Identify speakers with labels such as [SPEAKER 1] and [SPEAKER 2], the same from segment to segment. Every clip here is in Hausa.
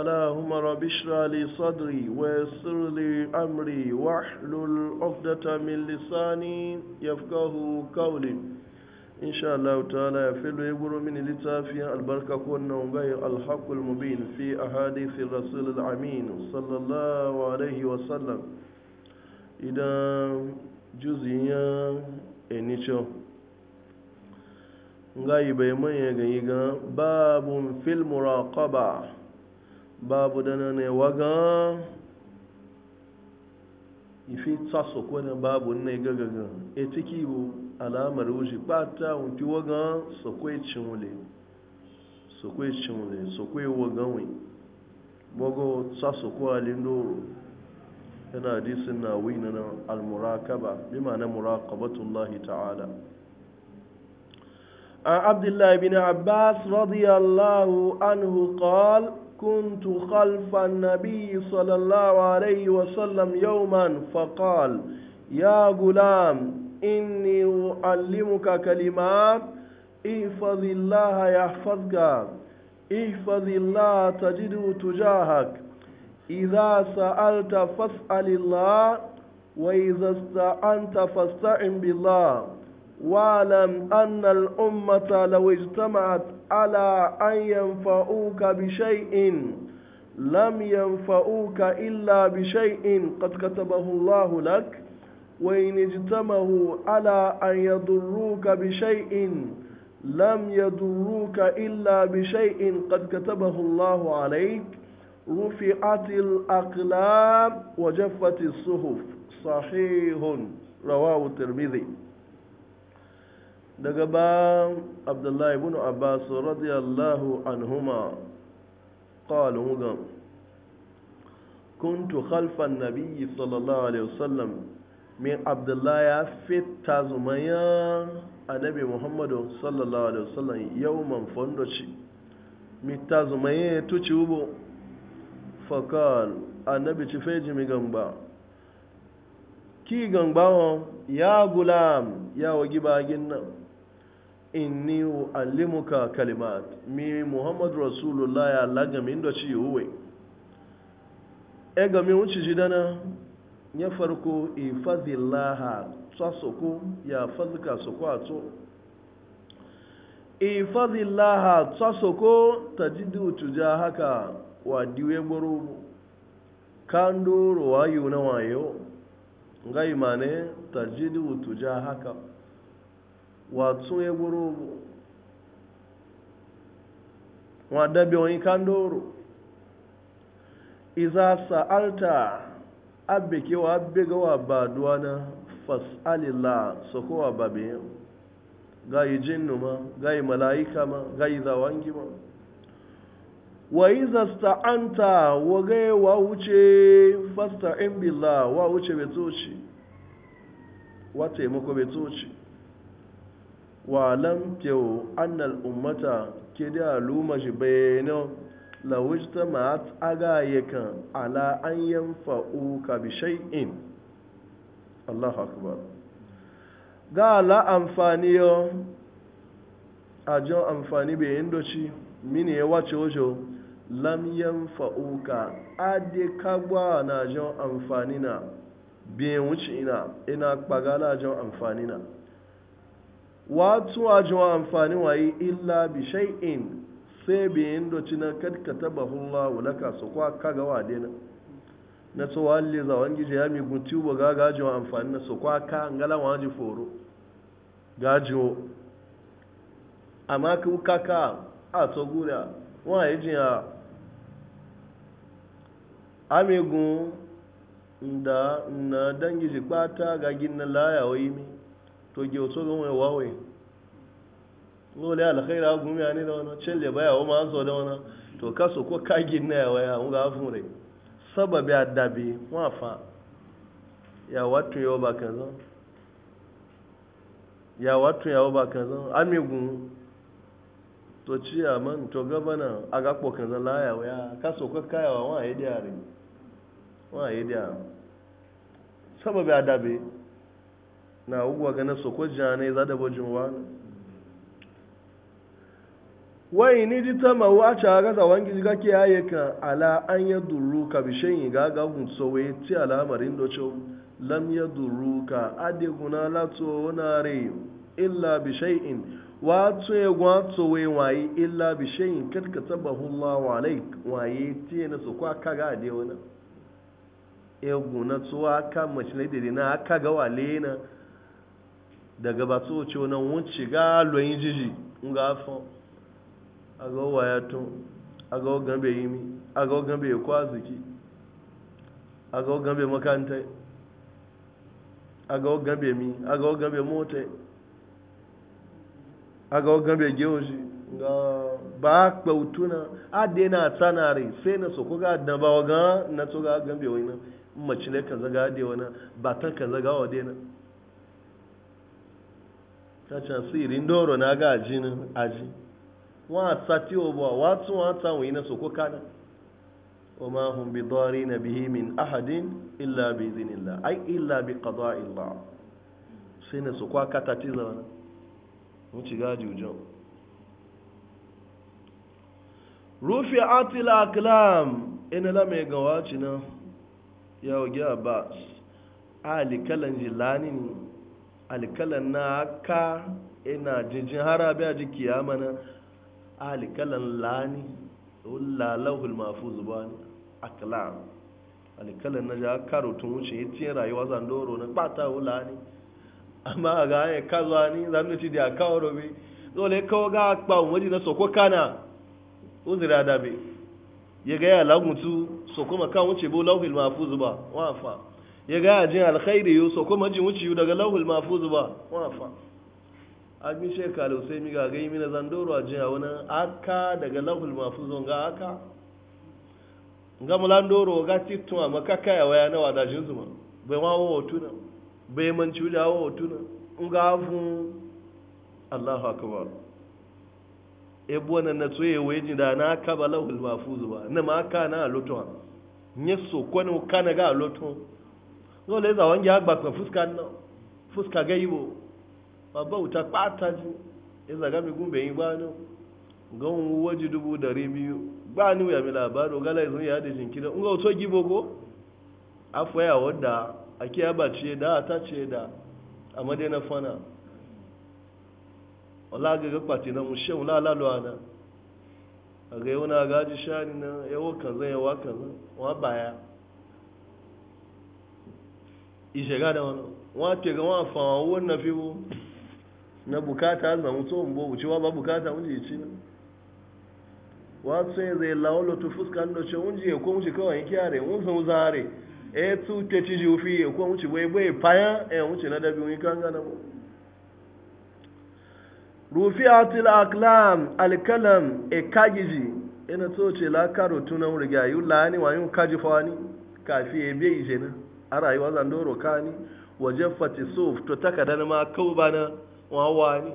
[SPEAKER 1] اللهم رب اشرح لي صدري ويسر لي امري واحلل عقدة من لساني يفقه قولي ان شاء الله تعالى يفل يبر من لتافيا البركة كون غير الحق المبين في احاديث الرسول الامين صلى الله عليه وسلم اذا جزيا انيشو غايبه من يغيغا باب في المراقبه babu dana ne an ifi tsaso ko na babu ne gagaga e ciki bu alamar wuce kwata wuti waga sokwe cinwule sokwe cinwule sokwe waga wi bogo tsaso ko alindo yana hadisin na wi na almurakaba bi ma'ana muraqabatullahi ta'ala عن عبد الله بن عباس رضي الله عنه قال كنت خلف النبي صلى الله عليه وسلم يوما فقال يا غلام إني أعلمك كلمات احفظ الله يحفظك احفظ الله تجده تجاهك إذا سألت فاسأل الله وإذا استعنت فاستعن بالله واعلم أن الأمة لو اجتمعت على أن ينفعوك بشيء لم ينفعوك إلا بشيء قد كتبه الله لك وإن اجتمعوا على أن يضروك بشيء لم يضروك إلا بشيء قد كتبه الله عليك رفعت الأقلام وجفت الصحف صحيح رواه الترمذي daga ba abdullahi ibn abbas radiyallahu anhuma qala mugam kuntu khalfa an-nabiyyi sallallahu alaihi wasallam min abdullahi ya fitta zumaya annabi muhammadu sallallahu alaihi wasallam yawman fondochi mitta zumaye tuci ubo fakal annabi chifeji migamba ki gangbawo ya gulam ya wagi baginna inni uallimuka kalimat mi muhammadu rasulullah ya lagami inda ci huwe e gami wuce jidana ya farko ifadhillaha soko ya fadhika soko ato soko ta tajidu tuja haka wa diwe gboro kando ruwayo na wayo ga imane tajidu tuja haka watsun ya goro wọn dabe wọn kan doro iza sa'alta abike wa abbe wa ba duwana fas'alila su kowa ba Ga gayi jinnu ma gayi mala'ika ma gayi zawangi ma wa iza sta'anta wa gaye wa wuce fasta'in billah wa wuce betoci wa taimako betoci wa lam kyau annal ummata ke da aluma shi bayanin lawista ma'at agayekan ala an yanfa'u ka bi shay'in Allah akbar ga ala amfani yo a jan amfani bai yin doci mini ya wace ojo lam yanfa'u ka ade kagba na jan amfani na biyan wuce ina ina kpagala jan amfani na wato a jiwa amfani wayi illa bi shay'in sai bi indo doci na kadkata bahullah walaka su kwa kaga wade na na tsawa le za wangi je mi gunti ba ga gajiwa amfani na su kwa ka ngala waji foro gajiwo amma ku kaka a to gura wa yi jiya amigun da na dangi jikpata ga gin na laya wa yi mi to ge wato ga mai wawaye lole alkhaira gumi ani da wani ya lebaya wa ma'azo da wani to kaso ko kagin na yawa ya ga hafin rai sababi adabi fa ya wato yawa ba kan ya wato yawa ba kan amigun to ciya man to gabana agakpo kan zan laya ya kaso ko kayawa wa ya da rai wa ya sababi adabi na ugwa ga na soko jane za da bojin wai ni ji ta ma wace a gasa wangi ga ke yaye ka ala an ya duru ka bishen yi ga ga gun so wai ti alamarin do cho lam ya duru ka ade guna lato na re illa bishayin wato ya e gwato wai wayi illa bishayin kad ka tabahu Allah alaik waye ti e na so kwa ka ga e de wani egwu na tsuwa aka mace na na aka ga wale na daga ba tso wuce wani wuce ga loyin jiji nga afọ aga owa ya tun aga ogan bai yi mi aga ogan bai kwa ziki aga ogan bai makanta aga ogan bai mi aga ogan bai mota aga ogan bai geoji nga ba a ade na tsanare sai na soko ga dan ba na to ga gan bai wani mace ne kaza ga ade wani ba ta kaza ga de na tacha siri ndoro na ga ajini aji wa sati obo wa tun wa ta wi na soko kana wa ma hum bi darina bihi min ahadin illa bi idhnillah ai illa bi qada'i Allah sai na soko aka tatiza wana mu ci gaji ujo rufi atil aklam ina la mai gawaci na ya ogi abbas ali kalan jilani alkalan na ka ina jijin harabi a jiki ya mana alkalan lani lalahul mafu zuba ne kalan alkalan na ja karo tun wuce ya ciye rayuwa zandoro na kpata wula ne amma a ga ya kazo ni zamu ci da kawo robe dole kawo ga kpa waje na soko kana uzira dabe ya gaya lagun lagutu soko makan wuce bo lahul mafu zuba wa fa ya ga jin alkhairi sau kuma jin wuci daga lauhul mahfuz ba wafa abin shekaru sai mi ga gai mina zandoro a jin a wani aka daga lauhul zuwa ga aka ga mulandoro ga titun a makaka ya waya na wadajin zuma bai ma wawo tuna bai manci wuja wa tuna in ga hafun allahu akbar ebu wannan na tsoye yi da na aka ba lauhul mahfuz ba na ma aka na a lotuwa nyeso kwanu kana ga a lotuwa no le za wange agba kwa fuska no fuska ga yibo babba uta kwata ji iza ga mi gumbe yin bano gan waji dubu dari biyu ba ni ya mi labaro gala izun ya da jinkira in ga wato gibo ko afwa ya wadda ake ya ce da ta ce da a madina fana wala ga ga kwati na mushe wala lalwa na a ga yau na gaji shani na yawo kan zai yawa kan zai wa baya ìṣẹ̀gá da wani wọ́n tẹ̀ ga wọ́n fàwọn owó na fi na bukata zamu tó ń bọ̀ wucewa ba bukata wọ́n jì ci na wọ́n tún zai lawo lọ́tọ̀ fuska ńlọ ce wọ́n jì yẹ kó ci kawai kí are wọ́n san zare e tu te ci ji ofi yẹ kó ci bai bai paya e wọ́n ci ladabi wọ́n kan gana mu. rufi'at al-aqlam al-kalam e kagiji ina e to ce la karo tunan rigayu la ni wa yun kaji fani kafi e bai je na a rayuwa zandoro kani wajen fatisuf to takada ma kau bana wawa ni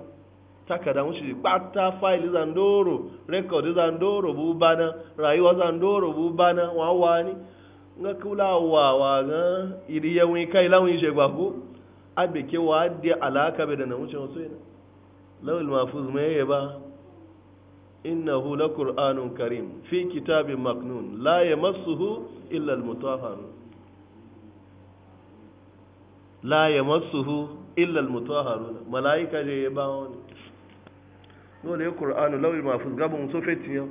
[SPEAKER 1] takada mushi bata file zandoro record zandoro bu bana rayuwa zandoro bu bana wawa ni nga kula wawa ga iri yawon kai lawon je gba ku abe ke wa de alaka be da na mushi wasu ina lawil mafuz ye ba innahu la qur'anun karim fi kitabin maknun la yamassuhu illa al mutahharun la ya matsuhu illal mutahharun malaika je ya ba wani dole qur'anu lawil mahfuz gaba musu sofetin yau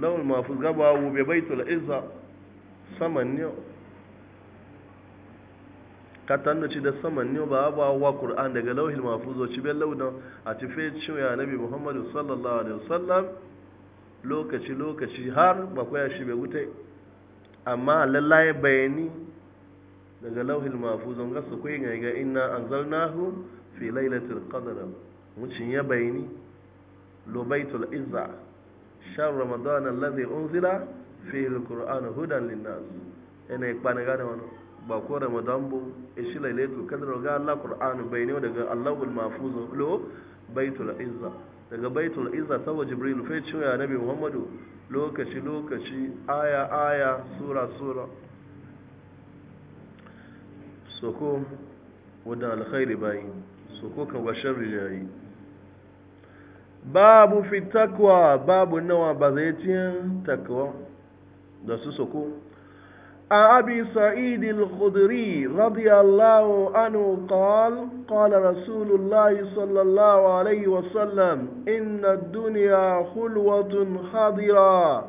[SPEAKER 1] lawil mahfuz gaba wa bi baitul izza saman yau. katanda ci da saman yau ba ba wa qur'an daga lawil mahfuz ci bel lawdan a ci fe ci ya nabi muhammadu sallallahu alaihi wasallam lokaci lokaci har ba koya shi bai wutai amma lallai bayani daga lauhin mafuzon gasa kai ga ga zarna hu fi lailatul qadr mucin ya bayani lobaitul izza shan ramadan alladhi unzila fi alquran hudan linnas ina ikpana ga da wani ba ko ramadan bu ishi e lailatul qadr ga Allah qur'an bayani daga allahul mafuzon lo baitul izza daga baitul izza sawa jibril fa ya nabi muhammadu lokaci lokaci aya aya sura sura سوكو ودا الخير باي سوكو كو شر جاي باب في التقوى باب نوى بذيتي تقوى درس سوكو أبي سعيد الخدري رضي الله عنه قال قال رسول الله صلى الله عليه وسلم إن الدنيا خلوة حاضرة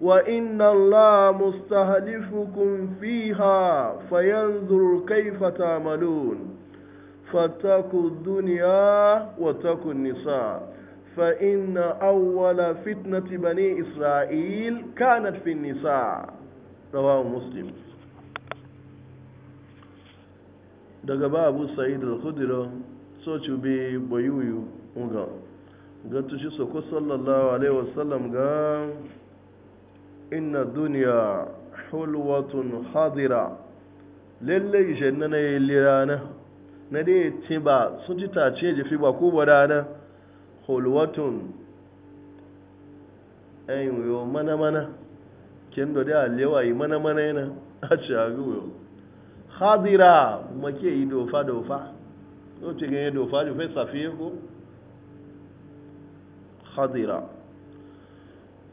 [SPEAKER 1] وإن الله مستهدفكم فيها فينظر كيف تعملون فاتقوا الدنيا واتقوا النساء فإن أول فتنة بني إسرائيل كانت في النساء رواه مسلم daga ba abu sa'id al-khudri so ci bi boyuyu ga ga tushi soko sallallahu alaihi wasallam ga inna duniya hulwatun hadira Lallai janna na yi lirana na dai ce ba sun ji tace jefi ba ko ba rana hulwatun ayyuyo mana-mana kin da da lewa yi mana-mana yana a ci aguyo hadira make yi dofa-dofa yau ce ganye dofa-dofa safiye hadira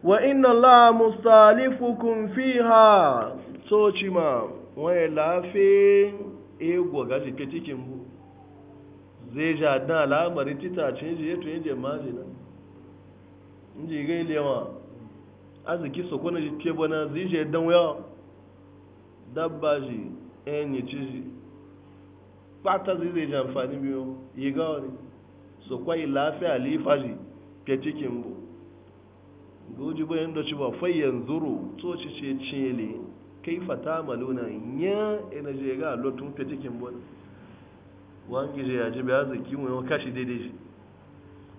[SPEAKER 1] wa inna Allah mustalifukum fiha so cima waye lafe egwa gaji ke cikin bu zai ja dan al'amari tita cin je je maji na inji ga ilewa aziki so kona ke zai pata zai zai biyo yi gawari so kwai lafiya lifaji ke bu goji bayan da ci ba fayyan zuru to ci ce cele kai fata maluna ya ina je ga lotun ta jikin bon wangi je ya ji ba zaki mu kashi daidai shi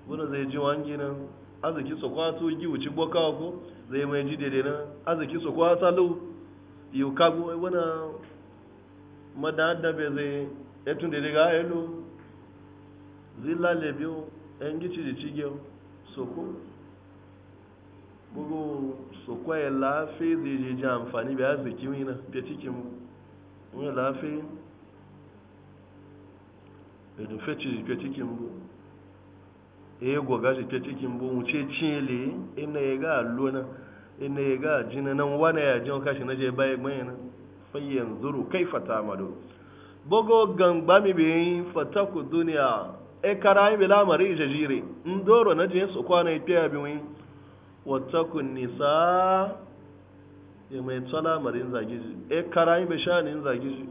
[SPEAKER 1] wani zai ji wangi nan arziki su kwato gi wuci boka ko zai mai ji daidai nan arziki su kwata lu yau kago wani madadda bai zai etun daidai ga ayelu zilla lebiyo yan gici da cigiyar soko bugu su kwaye lafi zai je ji amfani bai arziki wina fiye cikin wani lafi edun feci ji fiye cikin bu e goga ji fiye cikin bu mu ce cile ina ya ga allona ina ya ga jina nan wani ya ji kashi na je baya gbanya na fayyan zuru kai fata mado bugu gangba mi bai fataku duniya e kara yi bi lamari jajire ndoro na je su kwana ya fiye abin wani watakun nisa ya mai tsala marin zagizi e yi bai sha'anin zagizi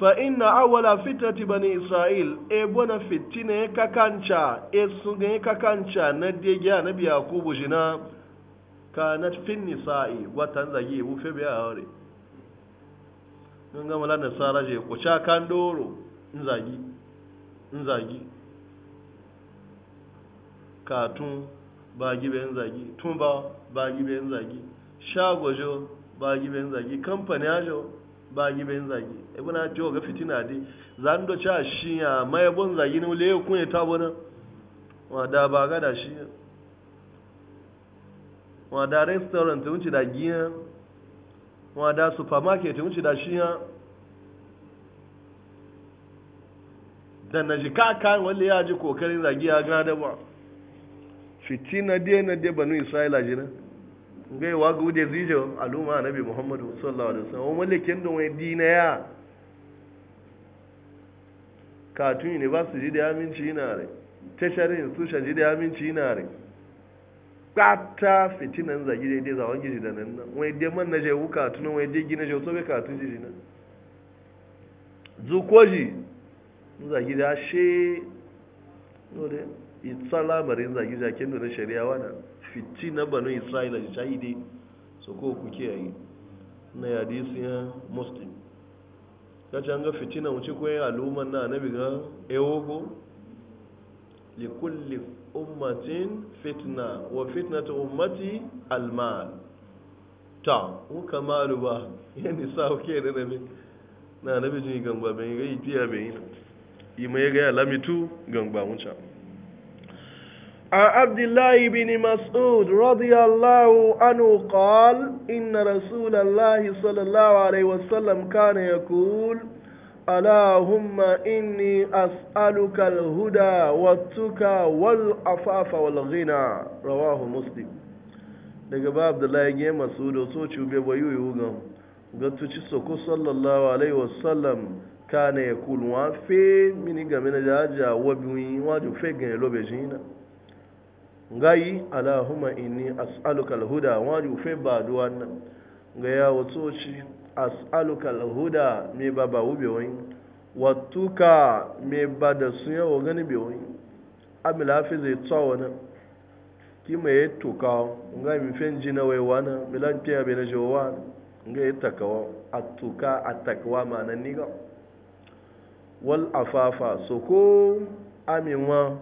[SPEAKER 1] fa ina awala fitati bani isra'il e bona fitina ya kakanca e sun ga kakanca na degiya na biya ko bujina na fin nisa'i watan zagi ya fe biya aure gama mala nasara je ko c'a kan doro in zagi in zagi katun bagi bayan zagi tumba ba bayan zagi shagojo bagi bayan zagi kamfani ajo bagi bayan zagi e ibn ajo ga fitina dai zan do cha shi ya mai bon zagi ne ule kun ya tabo na wada ba ga da shi wada restaurant mun ci da giya wada supermarket mun da shi ya dan na ji kaka wanda ya ji kokarin zagi ya ga da ba na dai na dai banu isra'ila jina ngai wa ga ude zijo aluma annabi muhammadu sallallahu alaihi wasallam wa malikin don wai dina ya katun tun ne ba su ji da aminci ina rai tasharin su shaji da aminci ina rai kata fitinan zagi dai dai zawon gizi da nan nan wai dai man na je wuka tun wai dai gina je so be ka tun ji na zukoji zagi da she itsa labarin zagi zaken da na shari'a wana fiti na banu isra'ila da shahide su ko ku kiyaye na yadi su ya muslim ka can ga fitina wuce ko ya aluman na annabi ga ewogo li kulli ummatin fitna wa fitna ta ummati almal ta wuka malu ba yani sa ke da nabi na annabi jin gangba ben ga ifiya ben yi mai ga lamitu gangba wuce عن عبد الله بن مسعود رضي الله عنه قال إن رسول الله صلى الله عليه وسلم كان يقول اللهم إني أسألك الهدى والتقى والعفاف والغنى رواه مسلم daga ba abdullahi ya masu da so cube ba yi wugan gattuci soko sallallahu alaihi wasallam ka na ya kulwa fe mini game na jaja wa biyu wajen fe gane lobe jina gayi alahuma inni as'aluka huda wani ufe ba duwa nan ga ya wato ci as'aluka huda me ba ba ube wani wattuka me ba da sun yawa gani be wani amila fi zai tsawo nan ki me ya tuka ga mi fen ji na waiwa na milan piya be na jowa ga ya takawa a takawa ma nan ni ga wal afafa so ko aminwa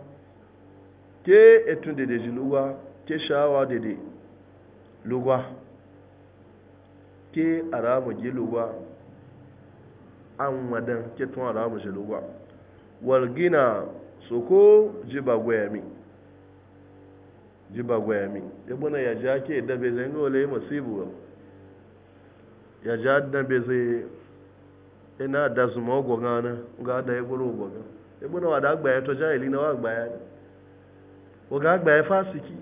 [SPEAKER 1] ke etun dede ji lugwa ke shawa dede lugwa ke aramu ji lugwa an wadan ke tun aramu ji lugwa walgina soko jiba gwayami jiba gwayami ibuna ya ja ke dabe zai ngole masibu ya ja dabe zai ina da zuma ogwagana ga da ya guru ogwaga ibuna wa da agbaya to jahili na wa agbaya ne oga agba ya e fasiki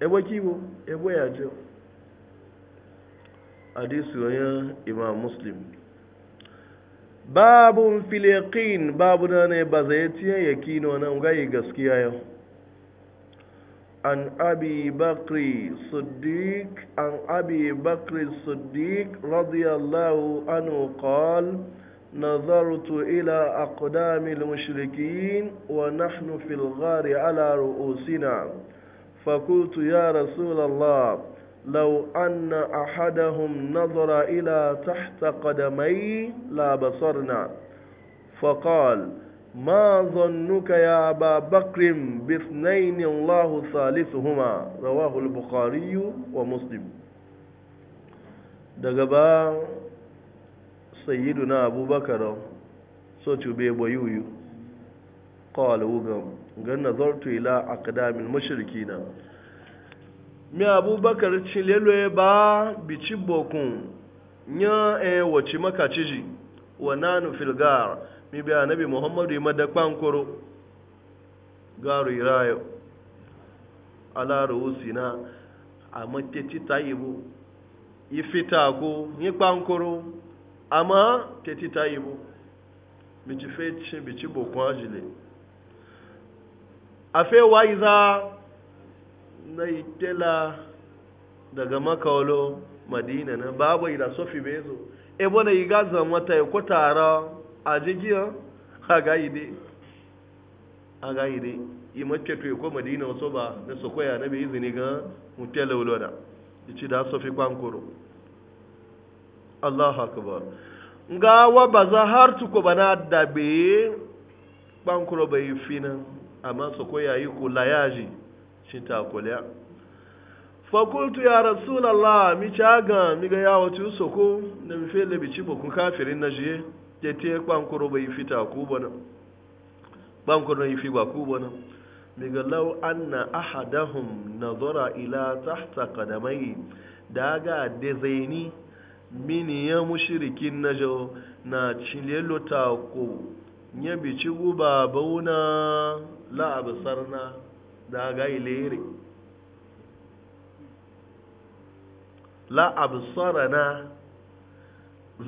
[SPEAKER 1] ebo kibo ebo ya jo hadisi wani imam muslim babun filiqin babu na ne ba zai tiye yakino nan gayi gaskiya yau an abi bakri الصديق an abi bakri الصديق رضي الله عنه نظرت إلى أقدام المشركين ونحن في الغار على رؤوسنا فقلت يا رسول الله لو أن أحدهم نظر إلى تحت قدمي لبصرنا فقال ما ظنك يا أبا بكر باثنين الله ثالثهما رواه البخاري ومسلم دقبا sayyiduna abubakar so cube bayuyu qala wugam gan zartu ila mashirki na. mi abubakar cilelwe ba bici bokun nya e wace maka ciji wa nanu filgar mi bi nabi muhammadu yi madakpan koro garu irayo ala na a matete tayibu ifita ko ni kpankoro amma teti ta yi bu bici feci bici bokun ajile a fewa iza na itela daga makawalo madina na babu da sofi bezo ebo na iga zama ta ko tara a jigiya a gaide a ga yi mace ya ko madina wasu ba na sokoya na bai izini ga mutela wuloda ici da sofi kwankoro Allahu akbar ga za har tuku bana da be bankuro bai fina amma su ko yayi ko shi ta fakultu ya rasulallah mi caga mi ga yawo tu soko da mi fele bi cibo kafirin na je ke te bankuro bai fita ku bana bankuro yi fi ba ku bana mi ga law anna ahadahum nazara ila tahta qadamai daga de zaini mini ya mushirikin najo na cile lota ko ya bici guba bauna la'abasar na da ga ilere la'abasar na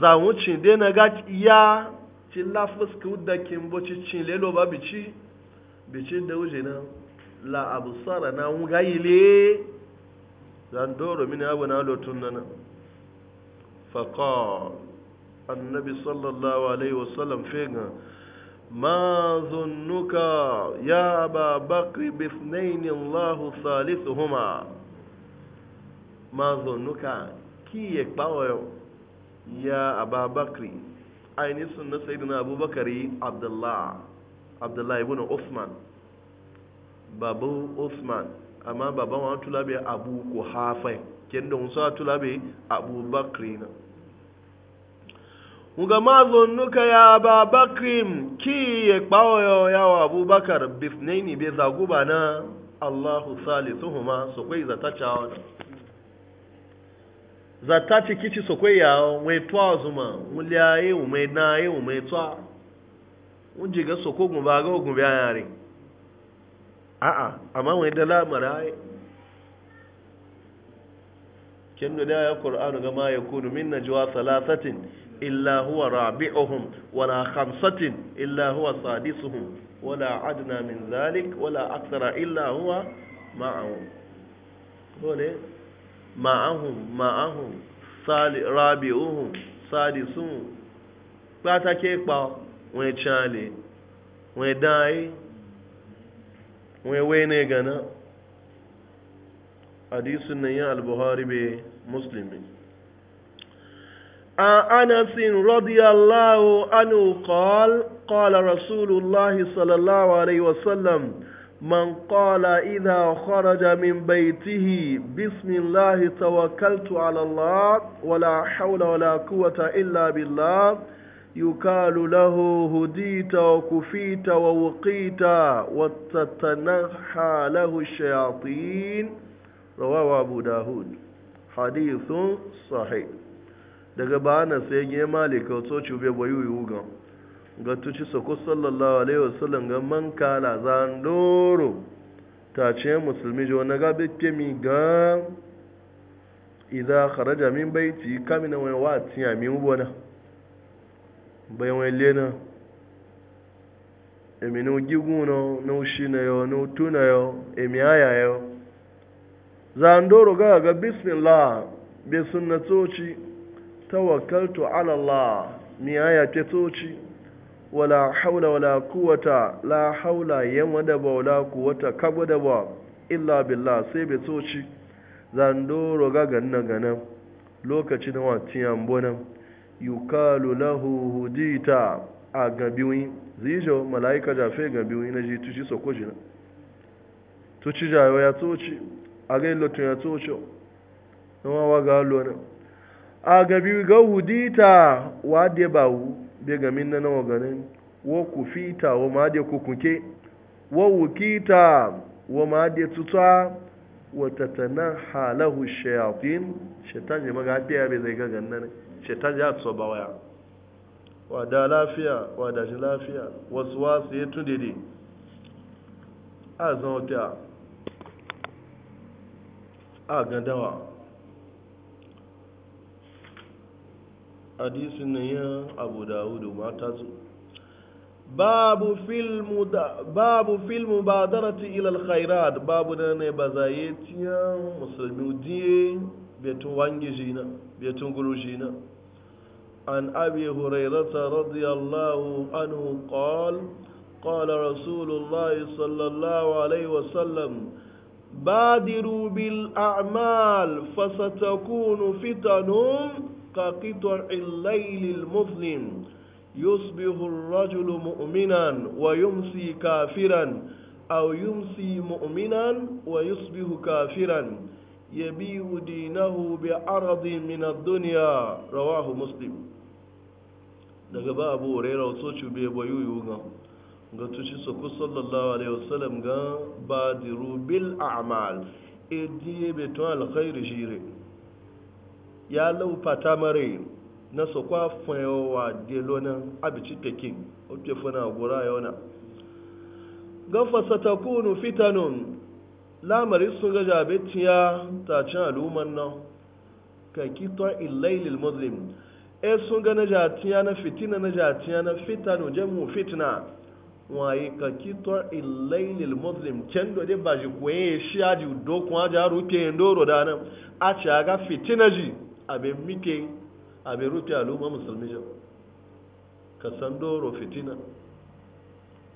[SPEAKER 1] zamucin dai na ga iya cin lafuska da kin cile lo ba bici bici da wuce na la'abasar na ga ilere zan doro mini abu na lotun nan faƙa annabi sallallahu alaihi wasallam fega ma zunnuka ya ba bakri bifnaini allahu salisuhuma ma zunnuka ki ya kpawo ya ababakri aini sunna sayyidina abubakari abdullah abdullah ibn usman babu usman amma baban wani tulabi abu kuhafai kendon sa tulabe abubakri na muga mazon nuka ya ba bakrim ki ya kpawo yawa abubakar bifnaini be zaguba na allahu salisuhuma su kwai zata cawa zata cikici su kwai yawo mai tuwa zuma muliyaye mai naye mai tuwa wunji ga soko gumba ga gumba yare a'a amma mai dala maraye Kin da ya qur'anu ga ma yakunu min najwa salasatin illa huwa rabi'uhum wala khamsatin illa huwa sadisuhum wala adna min zalik wala akthara illa huwa ma'ahum dole ma'ahum ma'ahum sali rabi'uhum sadisuhum pata ke pa wen chale wen dai wen wene gana hadisun nan yin al-buhari bai مسلم عن أنس رضي الله عنه قال قال رسول الله صلى الله عليه وسلم من قال إذا خرج من بيته بسم الله توكلت على الله ولا حول ولا قوة إلا بالله يقال له هديت وكفيت ووقيت وتتنحى له الشياطين رواه أبو داود hadithun sahih daga bana sai ya malika to cube bayu yuga ga tuci sako sallallahu alaihi wasallam ga man kala zan doro ta ce musulmi jo na ga bikke mi ga idza kharaja min baiti kamina wa wati ya min ubona bayan wai lena emi no giguno no shina yo no tuna yo emi aya yo zandoro ga ga bismillah bai suna toci tawakkaltu ala Allah ni aya ke toci wala haula wala quwata la haula yamma da ba wala quwata kabu da ba illa billah sai be toci zandoro ga ganna gana lokaci na tiyan bonan yukalu lahu hudita a gabiwin zijo malaika jafe gabiwin na ji tushi sokoji na tushi jawo ya toci a ga lotun ya tsoce Nawa wa ga lona a gabi ga hudita wa de ba wu be ga min na nawa ganin wa ku fita wa ma de wo wu kita wa ma de tuta wa tatana halahu shayatin shaytan ya maga fiya be zai ga gannan shaytan ya tso ba waya wa da lafiya wa da shi lafiya wasu wasu ya tun dede a zan wata a gadawa hadisin nan ya abu dawudu mata su babu filmu da babu filmu badarati ila alkhairat babu da ne bazaye tiya musulmi diye betun wangi jina betun guru jina an abi hurairata radiyallahu anhu qala qala rasulullahi sallallahu alaihi wasallam بادروا بالأعمال فستكون فتن كقطع الليل المظلم يصبح الرجل مؤمنا ويمسي كافرا أو يمسي مؤمنا ويصبح كافرا يبيع دينه بعرض من الدنيا رواه مسلم daga أبو abu hurairah so cube ga tushe soko sallallahu alaihi wasallam ga badiru bil a'mal ediye al alkhairu jire ya laufata mare na soko de lona abici pekin o te fana gora yona fa satakunu fitanun lamari sun ga jabetiya ta cin aluman nan ka kiton illailil muslim e sun ga na jatiya na fitina na jatiya na fitanu jamu fitna waye ka kito illailil muslim can dode ba ji koye shi aji do kuma ja rufe ndoro da nan a ci aga fitina ji abe mike abe rufe al'umma musulmi jan ka san doro fitina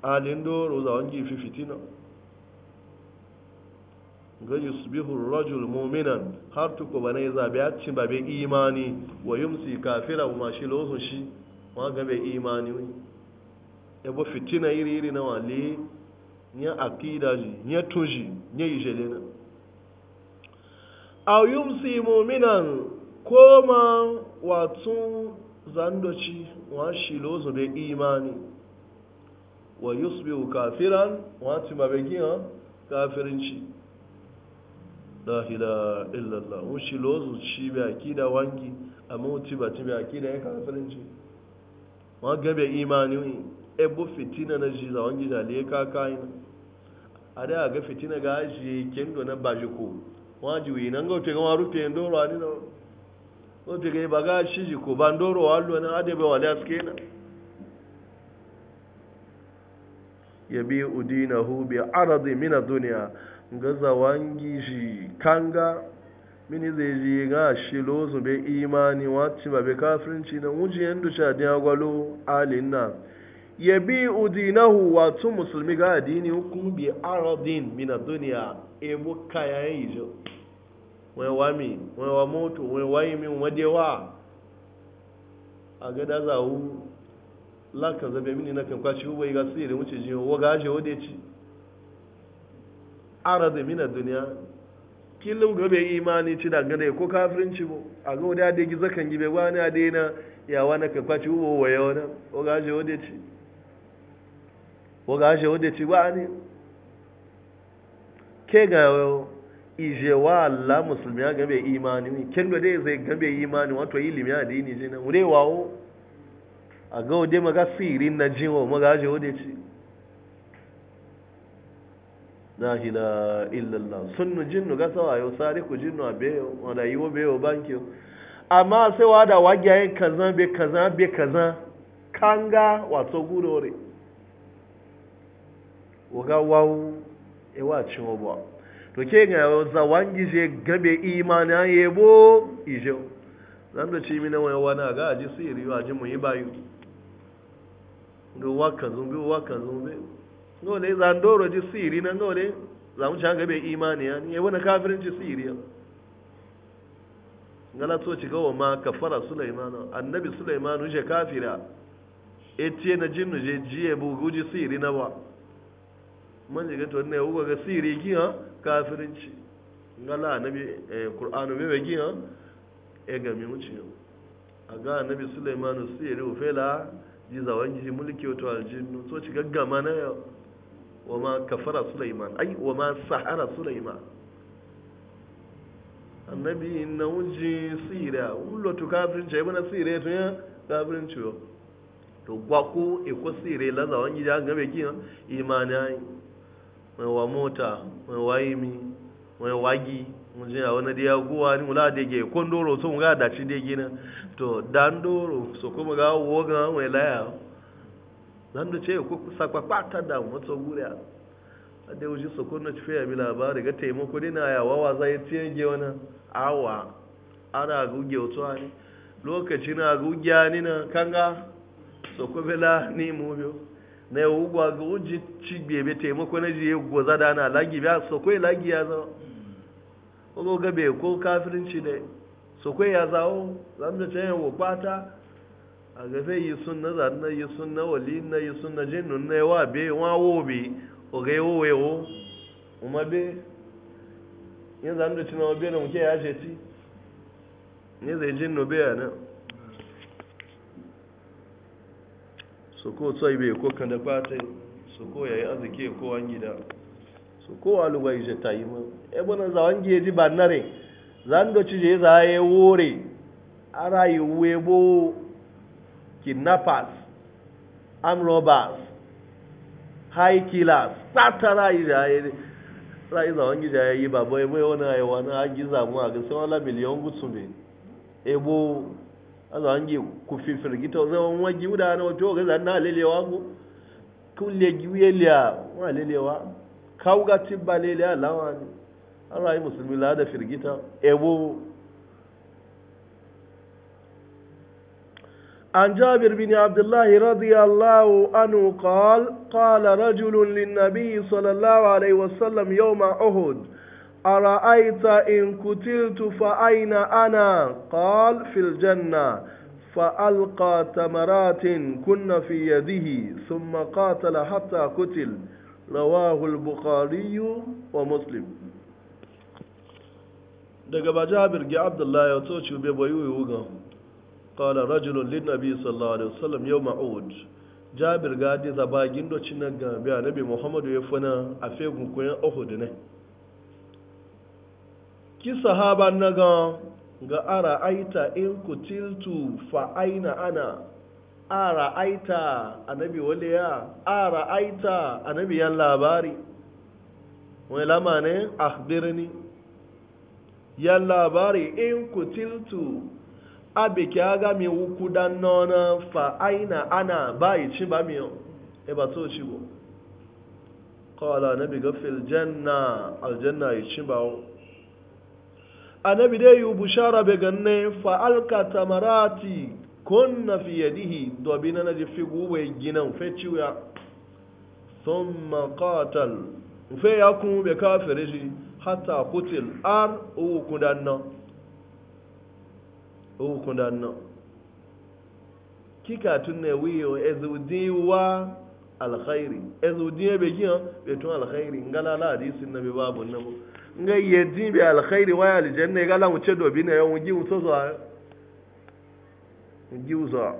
[SPEAKER 1] alin doro za wani fi fitina ga yusbihu rajul muminan har tuku ba na bana ya zabe ya ba babe imani wa yi yumsi kafiran ma shi losun shi ma gabe imani wani yabo fitina iri iri na wale nya akida ji nye tuji nya ijele na aw yumsi mominan koma watun zandoci wa shilozo da imani wa yusbihu kafiran wa tima ha kafirinci la ilaha illallah wa shilozo ci bi akida wangi amma uti ba ti bi akida ya kafirinci wa gabe imani ebo fitina na shi zawon gida da ya kaka yi a da ga fitina ga shi ya yi na baji ko waju yi nan ga wata gama rufe yin doro a nina wata ga yi ba ga shi ji ko ban ndoro wa allo na adabe wa laske na ya bi udina hu bi aradi mina duniya ga zawon gishi kanga mini zai ji ga shi lozu bai imani wacce ba bai kafirinci na wujiyen dusha da ya alin nan yabi udinahu wato musulmi ga adini hukum bi aradin min ad-dunya e bo kaya yijo wai wa mi wai wa moto wai wa yi wa a ga da zawu laka zabe mini na kan kwashi ubai ga sirri wuce jin wa ga je wade ci arad min ad-dunya kilu ga be imani ci daga ne ko kafirinci bo a ga wada da gizakan gibe wani na ya wani kan kwashi ubai wa yawa na o ga je wade ci waga je wode ci ba ni ke ga ije wa Allah musulmi ga be imani ni ken do dai zai ga be imani wato ilimi adini jina mure wawo a ga wode maga sirin na jinwo maga je wode ci la ila illallah sunnu jinnu ga sawa yo sare ku jinnu abe wala yiwo be yo banki amma sai wada wagiyayen kaza be kaza be kaza kanga wato gurore waga wawu ewa cewa ba to ke ga za wangi je gabe imani yebo ije. zan da ci mina wani wani ga aji siri wa ji mu yi bayu ga waka zumbi waka zumbi ngole zan doro ji siri na ngole za mu can gabe imani ya ne na kafirin ji siri ya ngala to ci gawa ma kafara sulaimanu annabi sulaimanu je kafira etiye na jinnu je jiye bu guji siri na ba man jiga to ne uba ga siri giya kafirinci ngala nabi eh, qur'anu be giya e ga mi muci a ga Suleiman sulaiman siri fela ji zawan ji mulki to aljinnu so ci gaggama na wa ma kafara sulaiman ai wa ma sahara sulaiman annabi na wuji sira wulo to kafirin ce bana sira to ya kafirin ce to gwaku e ko sira la zawan ji ga be giya imani wani wa mota wani wa yimi wani wagi mun jina wani da ya guwa ni mula da ge kon doro so ga da ci de gina to dan doro so kuma ga wo ga wani laya dan da ce ko sakwa kwata da motso gure da yau ji so ko na ci fiya bi labari ga taimako dina ya wawa zai tiye ge wani awa ana guge wato ne Lokaci na gugiya ni na kanga so ko la ni mu biyo na yau ugwa ga uji cigbe bai taimako na jiye goza da na lagi biya so kai lagi ya zama ko ga bai ko kafirinci ne so kai ya zawo zan da tayin wa kwata a gafe yi sun zan na yi sun na wali na yi sun na jinnun na yawa be wawo bi be o ga yo we be yin zan da cinawa be na muke ya ce ci ne zai jinnu be ya na su ko tsoyi bai ko kan da fata su ko yayi azike ko wangi da su ko aluwa bai ta yi mu e bona za wangi ji ba nare zan do je za ye wore ara yi webo kidnappers arm robbers high killers satara yi da ye rai za wangi da yi ba bai e bai e wani e ayi wani agi za mu a ga sai wala miliyan gutsu ne ebo aza ange kufifira gito za uda na wato ga na lele wago kulle giweliya wa lele wa kauga tibba lele alawa ne Allah yi musulmi la da firgita ebo عن جابر بن عبد الله رضي الله عنه قال قال رجل للنبي صلى الله عليه وسلم يوم أرأيت إن قتلت فأين أنا قال في الجنة فألقى تمرات كن في يده ثم قاتل حتى قتل رواه البخاري ومسلم daga ba jabir ga abdullahi ya to cube bayu yuga qala rajulun lin nabi sallallahu alaihi wasallam yawm ma'ud jabir ga di zabagin do cinan ga bi annabi muhammadu ya a fegun koyan uhud ne ki sahaba na ga ga ara aita in tiltu fa aina ana ara aita annabi waliya ara aita bi yan labari wani lama ne birni yan labari in tiltu a ki aga mi wuku dan nona fa aina ana ba ci ba mi e ba to ci bo qala ana ga fil janna aljanna yi ci ba annabi dai yi bushara bai ganne fa'alka tamarati kunna fi yadihi dobi na na jifi gube ginan fe ciwya sun makatal fe ya kun bai kafiri shi hata kutil ar uwu kudanna uwu kudanna kika tunne wiyo ezudiwa alkhairi ezudiye bai giyan bai tun alkhairi ngalala hadisin na bai babu namu nga ye jin be alkhairi wa aljanna ga la muce do bina yo ngi uto zo ngi uzo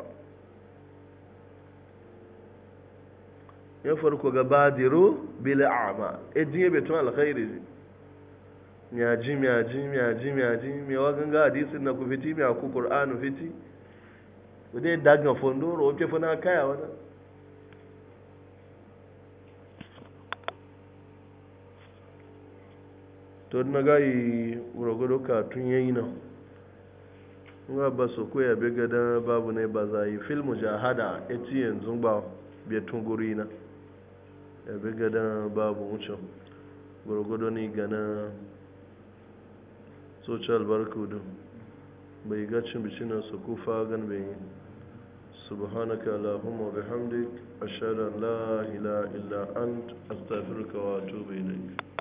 [SPEAKER 1] ya farko ga badiru bil a'ma e jin be tun alkhairi ya ji ya ji ya ji ya ji me wa ganga hadisin na ku fiti me ku qur'anu fiti dai daga fondoro o ke fana kaya wannan to na gayi rogodo katun yayi nan nga ba so ko ya bega da babu ne ba za yi fil mujahada eti yanzu ba be guri na ya bega da babu mucho gurgudu ni gana social barkudu bai ga cin bici na su kufa gan bai yi subhanaka allahumma bihamdik ashhadu an la ilaha illa ant astaghfiruka wa atubu ilayk